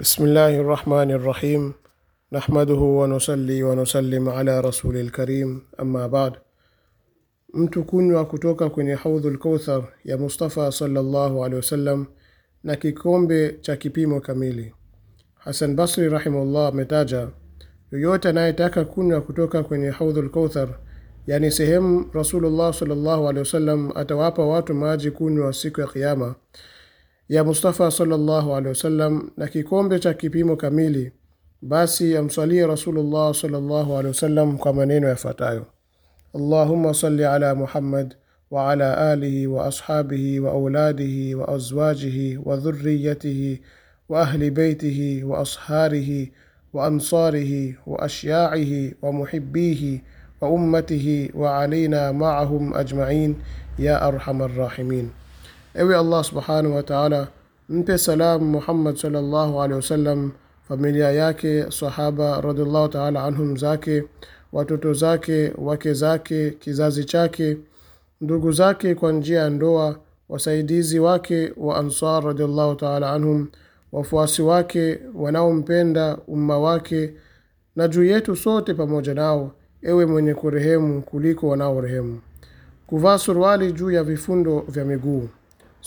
بسم الله الرحمن الرحيم نحمده ونصلي ونسلم ala rasuli lkarim amma bad mtu kunywa kutoka kwenye haudhu lkauthar ya mustafa salllahu alehi wasallam na kikombe cha kipimo kamili hasan basri rahimahullah ametaja yoyote anayetaka kunywa kutoka kwenye haudhu lkauthar yani sehemu rasulullah salllahu alehi wasallam atawapa watu maji kunywa siku ya kiama ya Mustafa sallallahu alaihi wasallam na kikombe cha kipimo kamili, basi amswalie Rasulullah sallallahu alaihi wasallam kwa maneno yafuatayo: Allahumma salli ala Muhammad wa ala alihi wa ashabihi wa auladihi wa azwajihi wa dhurriyatihi wa ahli baitihi wa asharihi wa ansarihi wa ashyaihi wa muhibbihi wa ummatihi wa alaina maahum ajmain ya arhamar rahimin. Ewe Allah subhanahu wa taala, mpe salamu Muhammad sallallahu alaihi wasallam, familia yake, sahaba radhiallahu taala anhum zake, watoto zake, wake zake, kizazi chake, ndugu zake kwa njia ya ndoa, wasaidizi wake wa Ansar radhiallahu taala anhum, wafuasi wake wanaompenda, umma wake na juu yetu sote pamoja nao, ewe mwenye kurehemu kuliko wanaorehemu. Kuvaa suruali juu ya vifundo vya miguu.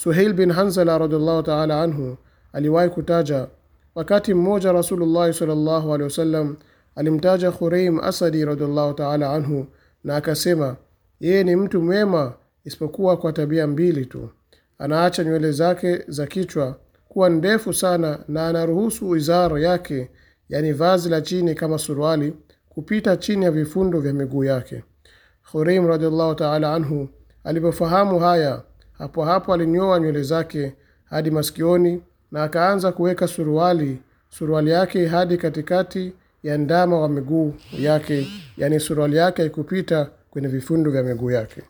Suheil bin Hanzala radhiallahu taala anhu aliwahi kutaja wakati mmoja Rasulullahi sallallahu alaihi wasallam alimtaja Khureim Asadi radhiallahu taala anhu na akasema, yeye ni mtu mwema isipokuwa kwa tabia mbili tu, anaacha nywele zake za kichwa kuwa ndefu sana na anaruhusu izara yake, yani vazi la chini kama suruali, kupita chini ya vifundo vya miguu yake. Khureim radhiallahu taala anhu alipofahamu haya hapo hapo alinyoa nywele zake hadi masikioni na akaanza kuweka suruali suruali yake hadi katikati ya ndama wa miguu yake, yaani suruali yake haikupita kwenye vifundo vya miguu yake.